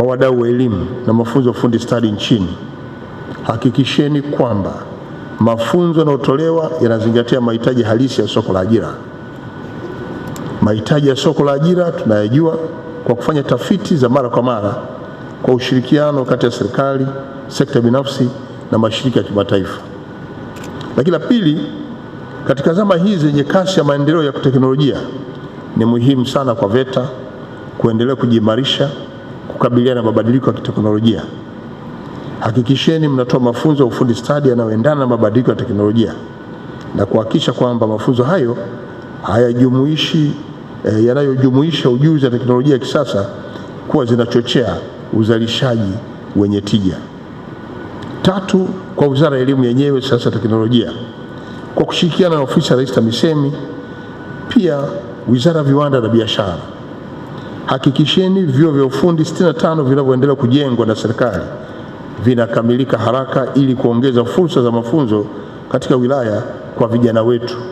kwa wadau wa elimu na mafunzo ya ufundi stadi nchini, hakikisheni kwamba mafunzo yanayotolewa yanazingatia mahitaji halisi ya soko la ajira. Mahitaji ya soko la ajira tunayajua kwa kufanya tafiti za mara kwa mara kwa ushirikiano kati ya serikali, sekta binafsi na mashirika ya kimataifa. Lakini la pili, katika zama hizi zenye kasi ya maendeleo ya teknolojia, ni muhimu sana kwa VETA kuendelea kujiimarisha kukabiliana na mabadiliko ya kiteknolojia. Hakikisheni mnatoa mafunzo ya ufundi stadi yanayoendana na mabadiliko ya teknolojia na kuhakikisha kwamba mafunzo hayo hayajumuishi e, yanayojumuisha ujuzi wa teknolojia ya kisasa kuwa zinachochea uzalishaji wenye tija. Tatu, kwa Wizara ya Elimu yenyewe sasa teknolojia, kwa kushirikiana na Ofisi ya Rais TAMISEMI, pia Wizara ya Viwanda na Biashara Hakikisheni vyuo vya ufundi 65 vinavyoendelea kujengwa na serikali vinakamilika haraka ili kuongeza fursa za mafunzo katika wilaya kwa vijana wetu.